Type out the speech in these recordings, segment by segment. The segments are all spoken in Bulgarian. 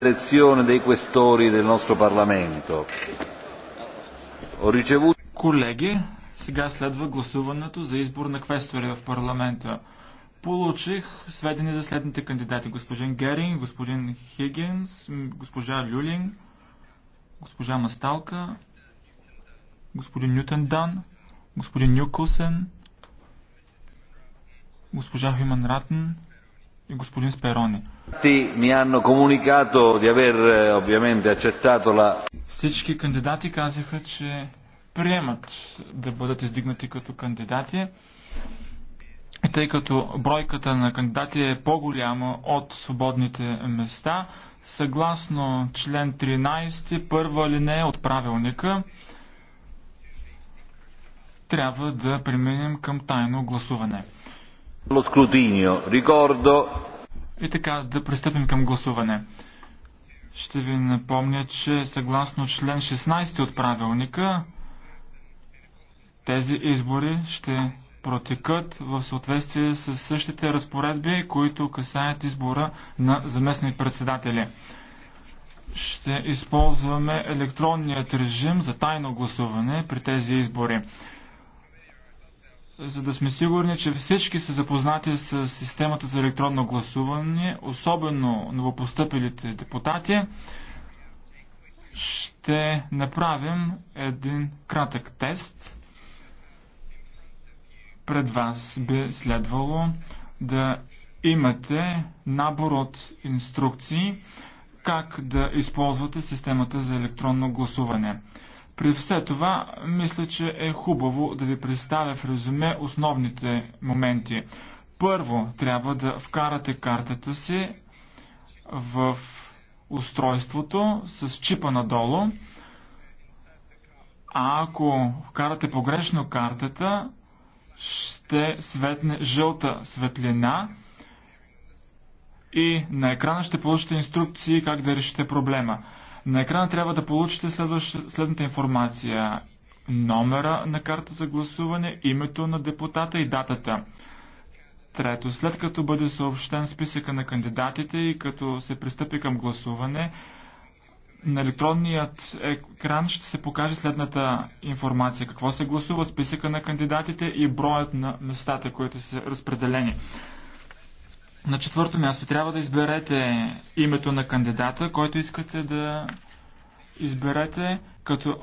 l'elezione dei questori del nostro Parlamento. Ho ricevuto... Колеги, сега следва гласуването за избор на квестори в парламента. Получих сведения за следните кандидати. Господин Геринг, господин Хигинс, госпожа Люлин, госпожа Масталка, господин Нютен Дан, господин Нюкълсен, госпожа Хюман Ратен, и господин Сперони. Всички кандидати казаха, че приемат да бъдат издигнати като кандидати, тъй като бройката на кандидати е по-голяма от свободните места, съгласно член 13, първа линия от правилника, трябва да преминем към тайно гласуване. И така, да пристъпим към гласуване. Ще ви напомня, че съгласно член 16 от правилника, тези избори ще протекат в съответствие с същите разпоредби, които касаят избора на заместни председатели. Ще използваме електронният режим за тайно гласуване при тези избори за да сме сигурни, че всички са запознати с системата за електронно гласуване, особено новопостъпилите депутати, ще направим един кратък тест. Пред вас би следвало да имате набор от инструкции как да използвате системата за електронно гласуване. При все това, мисля, че е хубаво да ви представя в резюме основните моменти. Първо, трябва да вкарате картата си в устройството с чипа надолу. А ако вкарате погрешно картата, ще светне жълта светлина и на екрана ще получите инструкции как да решите проблема. На екрана трябва да получите следващ, следната информация. Номера на карта за гласуване, името на депутата и датата. Трето, след като бъде съобщен списъка на кандидатите и като се пристъпи към гласуване, на електронният екран ще се покаже следната информация. Какво се гласува, списъка на кандидатите и броят на местата, които са разпределени. На четвърто място трябва да изберете името на кандидата, който искате да изберете, като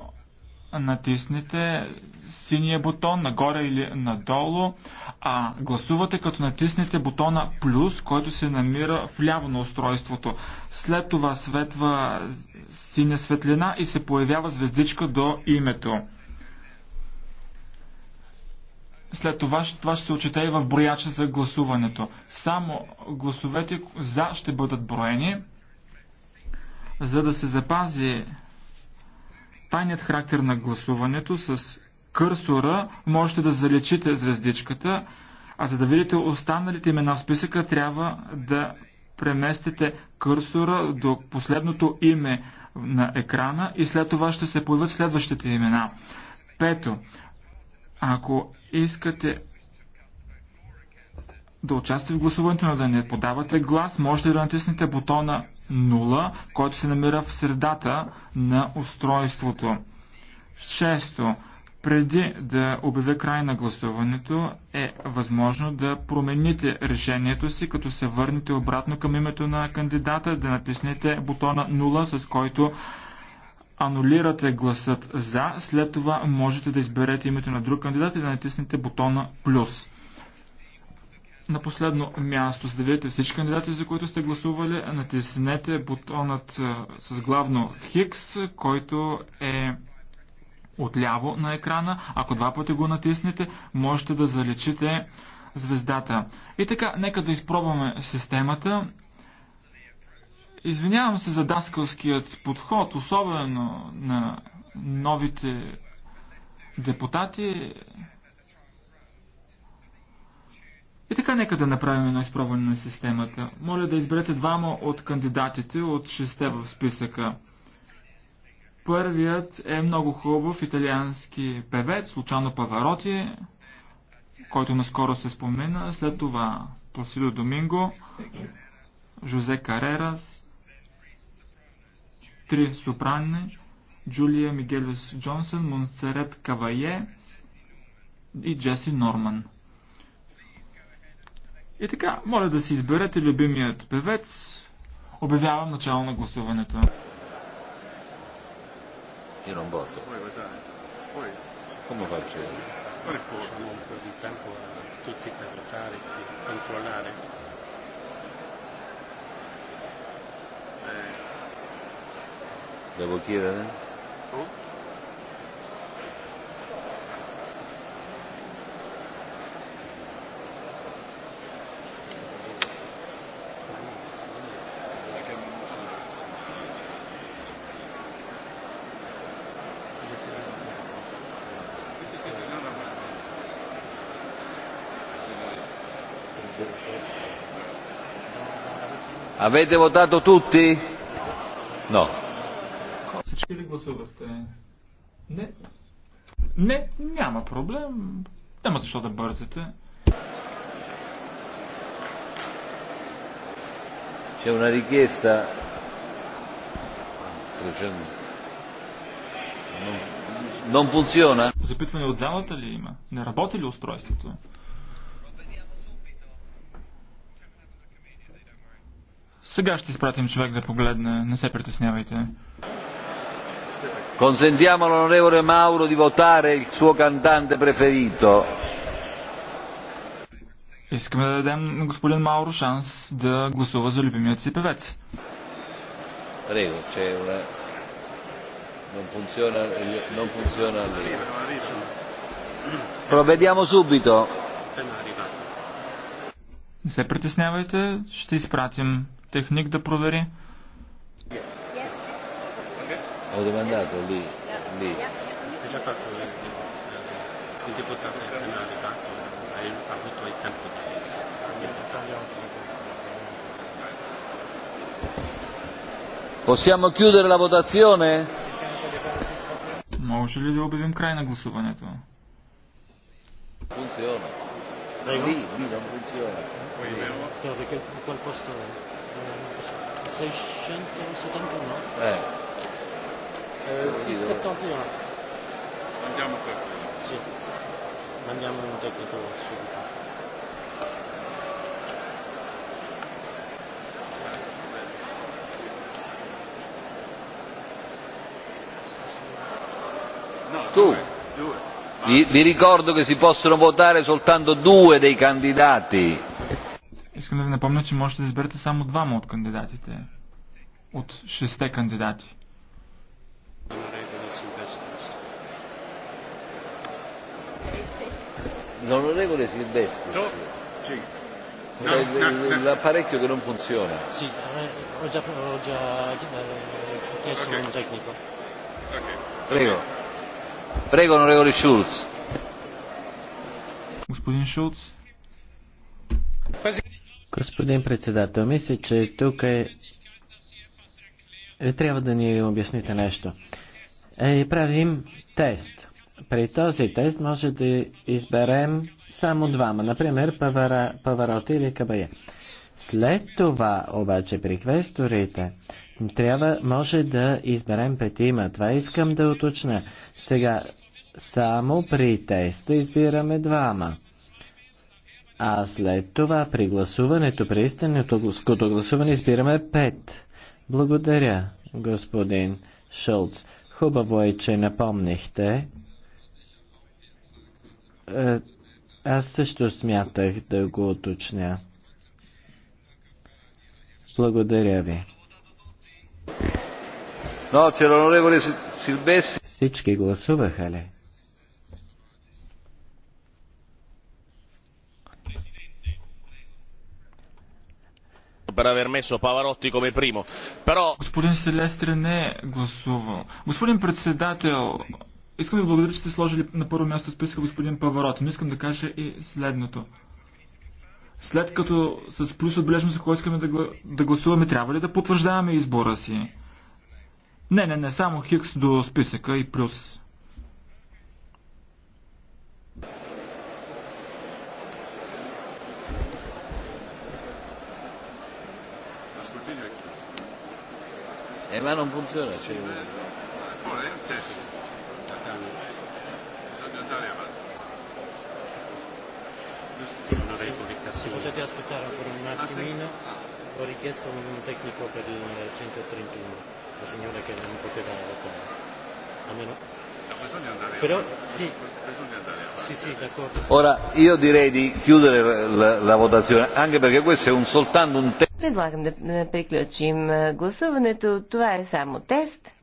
натиснете синия бутон нагоре или надолу, а гласувате като натиснете бутона плюс, който се намира в ляво на устройството. След това светва синя светлина и се появява звездичка до името. След това това ще се отчете и в брояча за гласуването. Само гласовете за ще бъдат броени, за да се запази тайният характер на гласуването с кърсора можете да залечите звездичката, а за да видите останалите имена в списъка трябва да преместите кърсора до последното име на екрана и след това ще се появят следващите имена. Пето, ако искате да участвате в гласуването, но да не подавате глас, можете да натиснете бутона 0, който се намира в средата на устройството. Шесто, преди да обявя край на гласуването, е възможно да промените решението си, като се върнете обратно към името на кандидата, да натиснете бутона 0, с който анулирате гласът за, след това можете да изберете името на друг кандидат и да натиснете бутона плюс. На последно място, за да видите всички кандидати, за които сте гласували, натиснете бутонът с главно Хикс, който е отляво на екрана. Ако два пъти го натиснете, можете да залечите звездата. И така, нека да изпробваме системата. Извинявам се за даскалският подход, особено на новите депутати. И така, нека да направим едно изпробване на системата. Моля да изберете двама от кандидатите от шесте в списъка. Първият е много хубав италиански певец, Лучано Павароти, който наскоро се спомена. След това Пласидо Доминго, Жозе Карерас, три сопрани Джулия Мигелис Джонсън, Монсерет Кавае и Джеси Норман. И така, моля да си изберете любимият певец. Обявявам начало на гласуването. Io non Come faccio io? un di tempo a tutti per votare, per controllare. Eh. Devo chiedere? Avete votato tutti? No гласувахте? Не. Не, няма проблем. Няма защо да бързате. C'è una richiesta 300. Non Запитване от залата ли има? Не работи ли устройството? Сега ще изпратим човек да погледне. Не се притеснявайте. Consentiamo all'onorevole Mauro di votare il suo cantante preferito. Искаме да дадем на шанс да гласува за любимият си певец. Prego, c'è una... Non funziona, non Provvediamo subito. Не се притеснявайте, ще изпратим техник da провери. Ho domandato lì. lì. Hai già fatto il, il deputato penale, tanto hai avuto il tempo di Possiamo chiudere la votazione? devo ли un crane край questo гласуването? Funziona. Lì, lì non funziona. Perché quel posto è 671? Eh. Euh, 671. Andiamo qua. Sì. Mandiamo un tecnico subito. Tu. Vi, vi ricordo che si possono votare soltanto due dei candidati. Искам да ви напомня, че можете да изберете само двама от кандидатите. От шесте кандидати. non L'onorevole Silvestri. Sì. no, C'è no, l'apparecchio che non funziona. Sì, ho già, ho già chiesto okay. un tecnico. Okay. Prego. Prego, onorevole Schulz. Господин Schulz Господин председател, мисля, че тук е трябва да ни обясните нещо. Е, правим тест при този тест може да изберем само двама, например Павара, Павароти или Кабая. След това, обаче, при квесторите, трябва, може да изберем петима. Това искам да уточня. Сега, само при теста избираме двама. А след това, при гласуването, при истинното гласуване, избираме пет. Благодаря, господин Шулц. Хубаво е, че напомнихте е, аз също смятах да го уточня. Благодаря ви. Всички гласуваха ли? per aver messo Pavarotti come primo. Però... Господин Селестри не е гласувал. Господин председател, Искам да благодаря, че сте сложили на първо място списка господин Паварот, но искам да кажа и следното. След като с плюс отбележим за кого искаме да, гла... да гласуваме, трябва ли да потвърждаваме избора си? Не, не, не, само Хикс до списъка и плюс. E ma non funziona. Sì, ma... Ora è potete aspettare ancora un attimino, ho richiesto un tecnico per il 131, la signora che non poteva votare. A Però, sì. Sì, sì, Ora io direi di chiudere la, la votazione, anche perché questo è un, soltanto un test. Предлагам да приключим гласуването. Това е само тест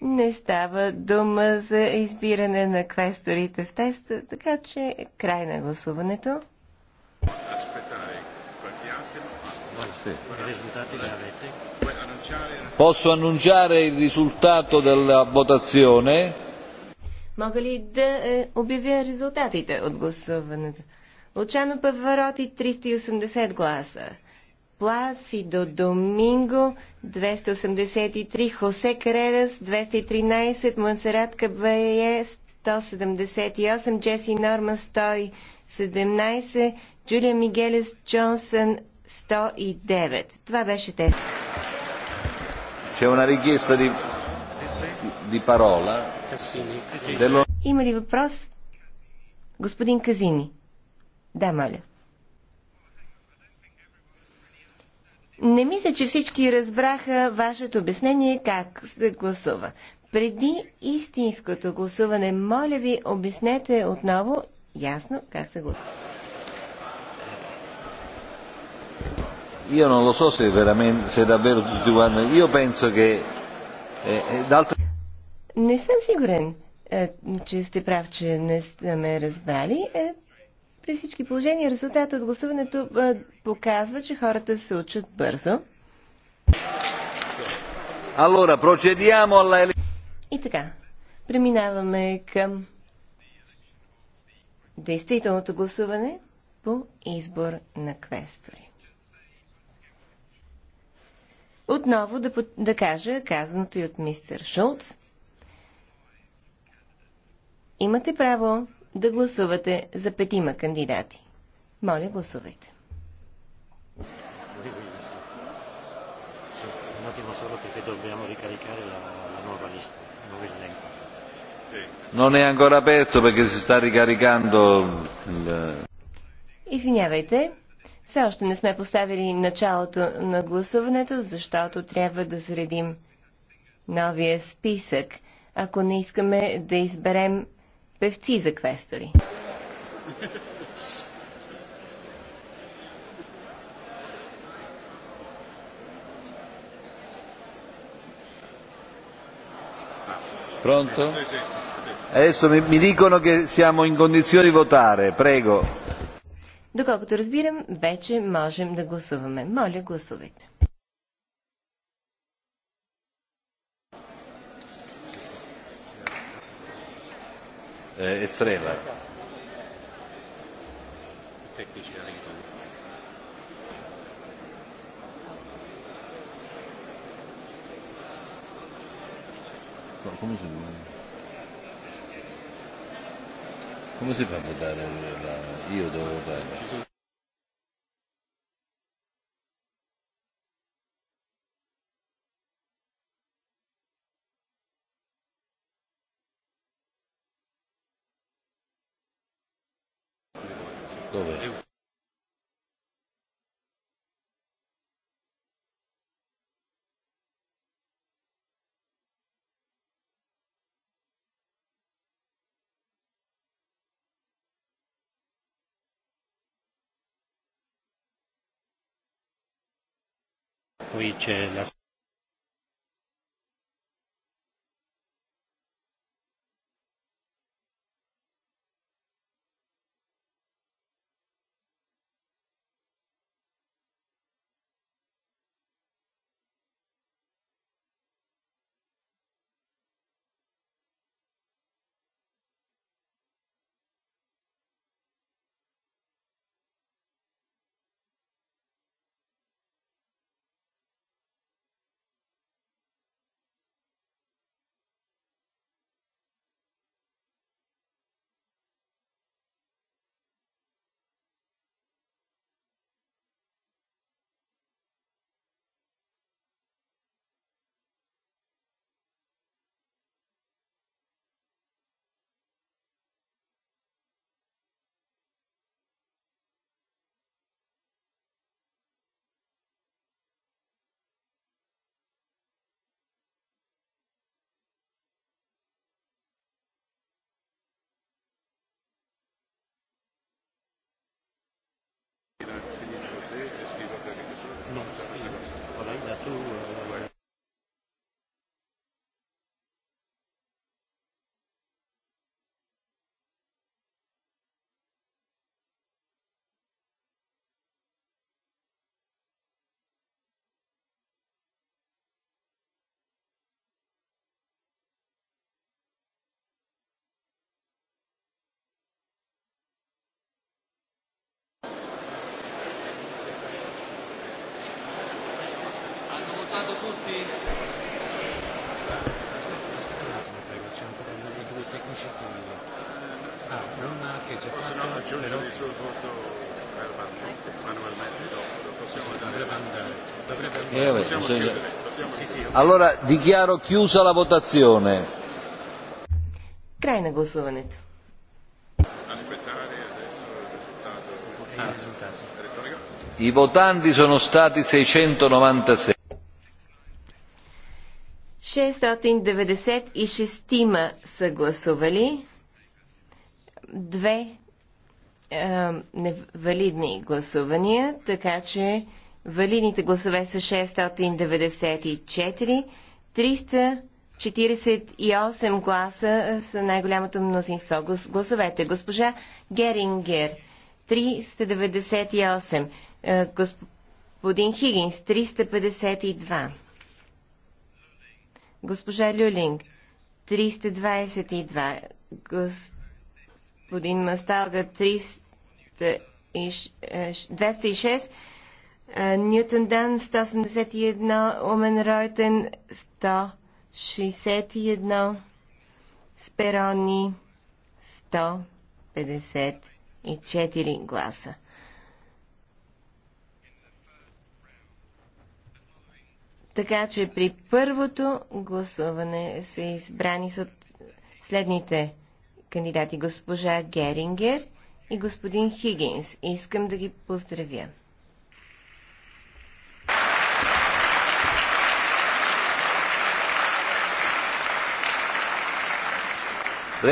не става дума за избиране на квесторите в теста, така че край на гласуването. Posso annunciare il risultato della votazione? Мога ли да е, обявя резултатите от гласуването? Лучано Павароти 380 гласа. Плас и до Доминго 283, Хосе Карерас 213, Монсерат Кабае 178, Джеси Норма, 117, Джулия Мигелес Джонсън 109. Това беше те. C'è una richiesta di, di parola. Dello... Има ли въпрос? Господин Казини. Да, моля. Не мисля, че всички разбраха вашето обяснение как се гласува. Преди истинското гласуване, моля ви, обяснете отново ясно как се гласува. Io non lo so se veramente, se davvero tutti quanti. Io penso che eh, eh d'altra. Не съм сигурен, е, че сте прав, че не сте при всички положения резултатът от гласуването показва, че хората се учат бързо. Allora, procediamo alla... И така, преминаваме към действителното гласуване по избор на квестори. Отново да, да кажа казаното и от мистер Шулц. Имате право да гласувате за петима кандидати. Моля, гласувайте. Non è ancora aperto perché si sta ricaricando il... Извинявайте, все още не сме поставили началото на гласуването, защото трябва да заредим новия списък, ако не искаме да изберем певци за квестори. Pronto? Adesso mi, mi dicono che siamo in condizione di votare, prego. Доколкото разбирам, вече можем да гласуваме. Моля, гласувайте. eh, estrema. Tecnici come si Come si fa a votare la... io devo votare? Готово. Qui c'è la aggiungere il suo manualmente dopo, lo possiamo andare. possiamo Allora dichiaro chiusa la votazione. Край на Aspettare adesso il risultato. Il risultato. I votanti sono stati 696. 696 са гласували, две е, невалидни гласувания, така че валидните гласове са 694, 348 гласа са най-голямото мнозинство. Гласовете госпожа Герингер 398, е, господин Хигинс 352. Госпожа Люлинг, 322. Господин Масталга, 206. Е, е, Ньютон Дан, 181. Омен Ройтен, 161. Сперони, 154 гласа. Така че при първото гласуване са избрани от следните кандидати госпожа Герингер и господин Хигинс. Искам да ги поздравя.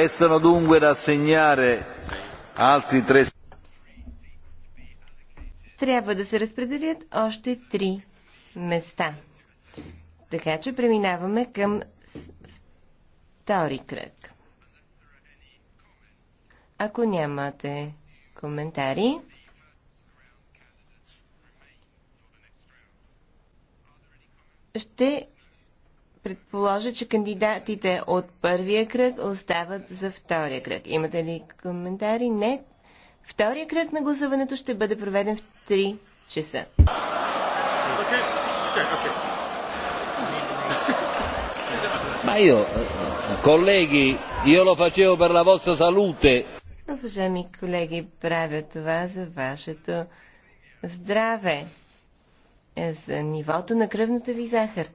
Restano dunque da assegnare altri tre. Трябва да се разпределят още три места. Така че преминаваме към втори кръг. Ако нямате коментари, ще предположа, че кандидатите от първия кръг остават за втория кръг. Имате ли коментари? Не. Втория кръг на гласуването ще бъде проведен в 3 часа. Ma io, eh, eh, io lo facevo per la vostra salute. Уважаеми колеги, правя това за вашето здраве, е, за нивото на кръвната ви захар.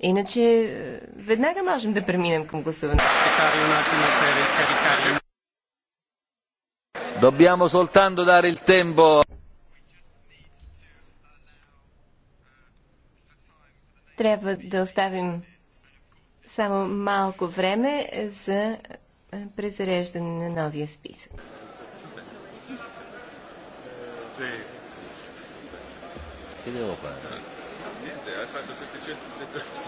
Иначе е, веднага можем да преминем към гласуването. soltanto dare il tempo трябва да оставим само малко време за презареждане на новия списък. Che devo fare? Niente, hai се тече.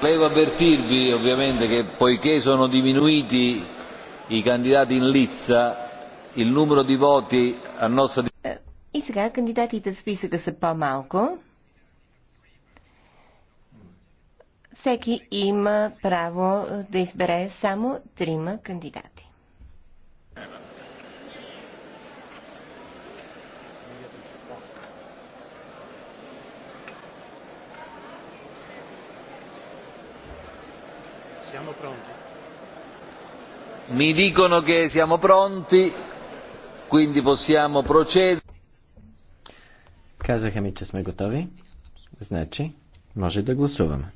Volevo avvertirvi ovviamente che poiché sono diminuiti i candidati in lizza, il numero di voti a nostra disposizione. сега кандидатите в списъка Mi dicono che siamo pronti, quindi possiamo procedere. Казаха ми, че сме готови. Значи, може да гласуваме.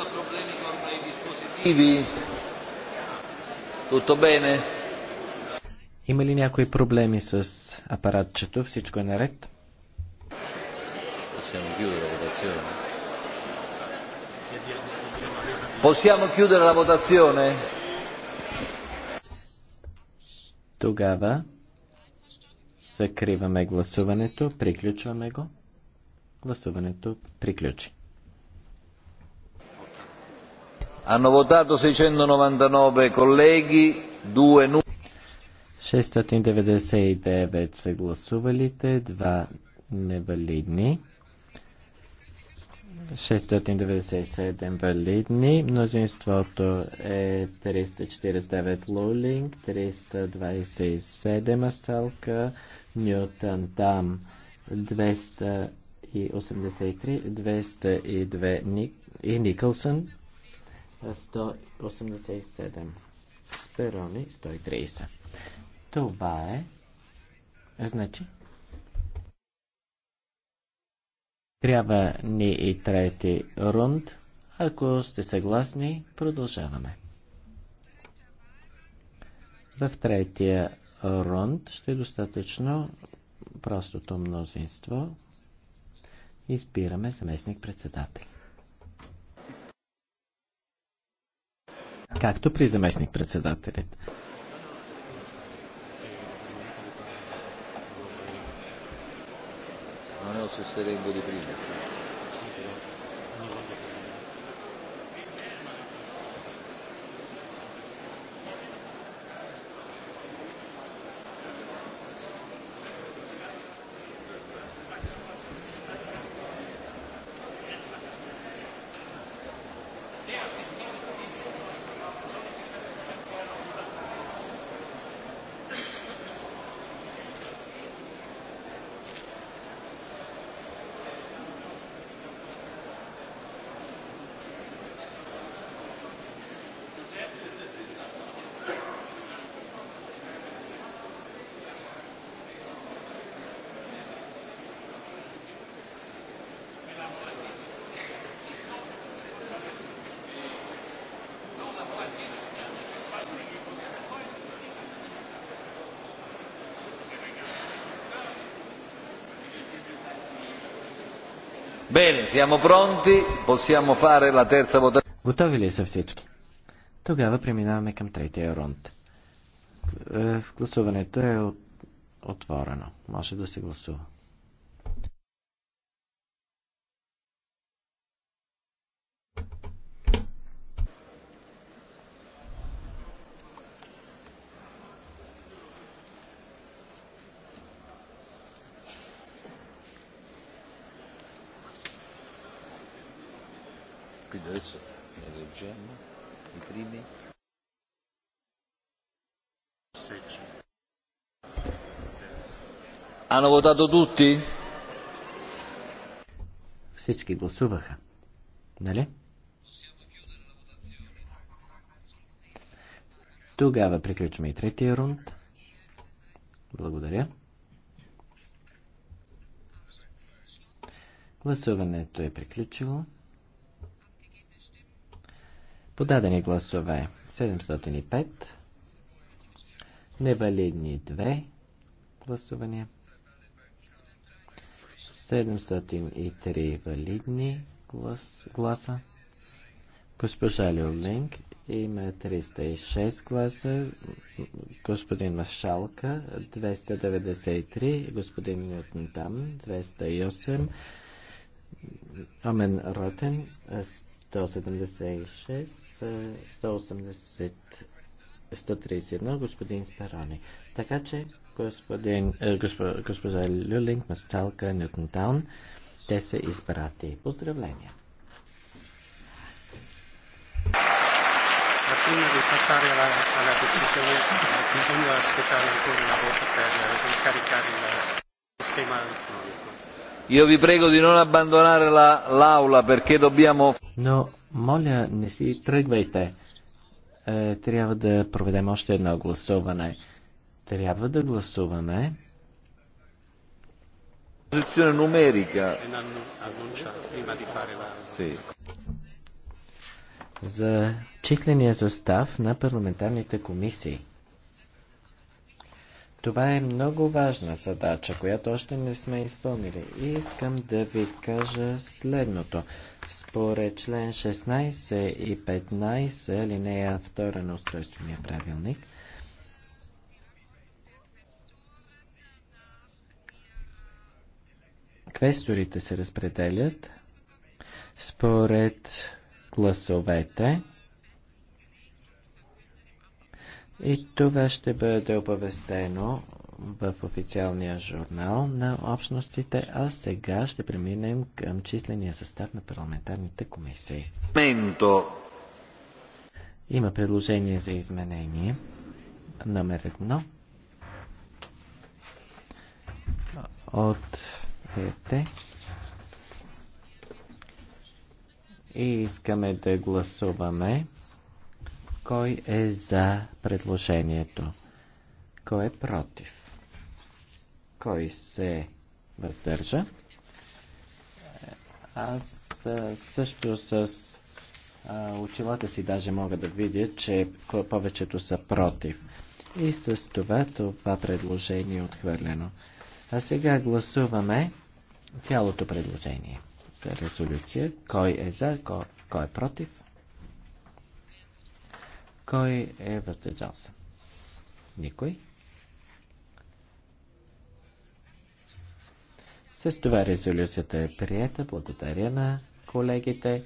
ancora problemi con i dispositivi? Tutto bene? Има ли някои проблеми с апаратчето? Всичко е наред? Possiamo chiudere la votazione? Тогава закриваме гласуването, приключваме го. Гласуването приключи. Hanno votato 699 colleghi, 2 nu... 699 са гласувалите, 2 невалидни. 697 валидни. Мнозинството е 349 Лулинг, 327 Асталка, Ньютон Дам 283, 202 Ник... и Никълсън, 187. Сперони 130. Това е. Значи. Трябва ни и трети рунд. Ако сте съгласни, продължаваме. В третия рунд ще е достатъчно простото мнозинство. Избираме заместник председател. както при заместник-председателите. Bene, siamo pronti, possiamo fare la terza votazione. Готови ли са всички? Тогава преминаваме към третия рунд. Е, гласуването е отворено. Може да се гласува. Hanno votato tutti? Всички гласуваха. Нали? Тогава приключваме и третия рунд. Благодаря. Гласуването е приключило. Подадени гласове 705, невалидни 2 гласувания. 703 валидни глас, гласа. Госпожа Люлинг има 306 гласа, господин Машалка 293, господин Нютон Дам 208, Амен Ротен 176, 180, 131, господин Сперони. Така че господин, госпо, госпожа Люлинг, Масталка, Нютонтаун. Те са избрати. Поздравления! di passare alla, alla decisione aspettare ancora una volta per ricaricare il sistema elettronico. Io vi prego di non abbandonare la, l'aula perché dobbiamo... No, si не си тръгвайте. Трябва да проведем още едно гласуване. Трябва да гласуваме. Е, За числения състав на парламентарните комисии. Това е много важна задача, която още не сме изпълнили. И искам да ви кажа следното. Според член 16 и 15, линия 2 на устройствения правилник, квесторите се разпределят според гласовете. И това ще бъде оповестено в официалния журнал на общностите, а сега ще преминем към числения състав на парламентарните комисии. Менто. Има предложение за изменение. Номер едно. От ЕТ. И искаме да гласуваме кой е за предложението, кой е против, кой се въздържа. Аз също с очилата си даже мога да видя, че повечето са против. И с това това предложение е отхвърлено. А сега гласуваме цялото предложение за резолюция. Кой е за, кой, кой е против, кой е въздържал се. Никой. С това резолюцията е приета. Благодаря на колегите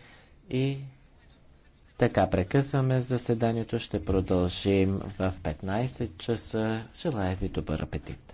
и така прекъсваме заседанието. Ще продължим в 15 часа. Желая ви добър апетит!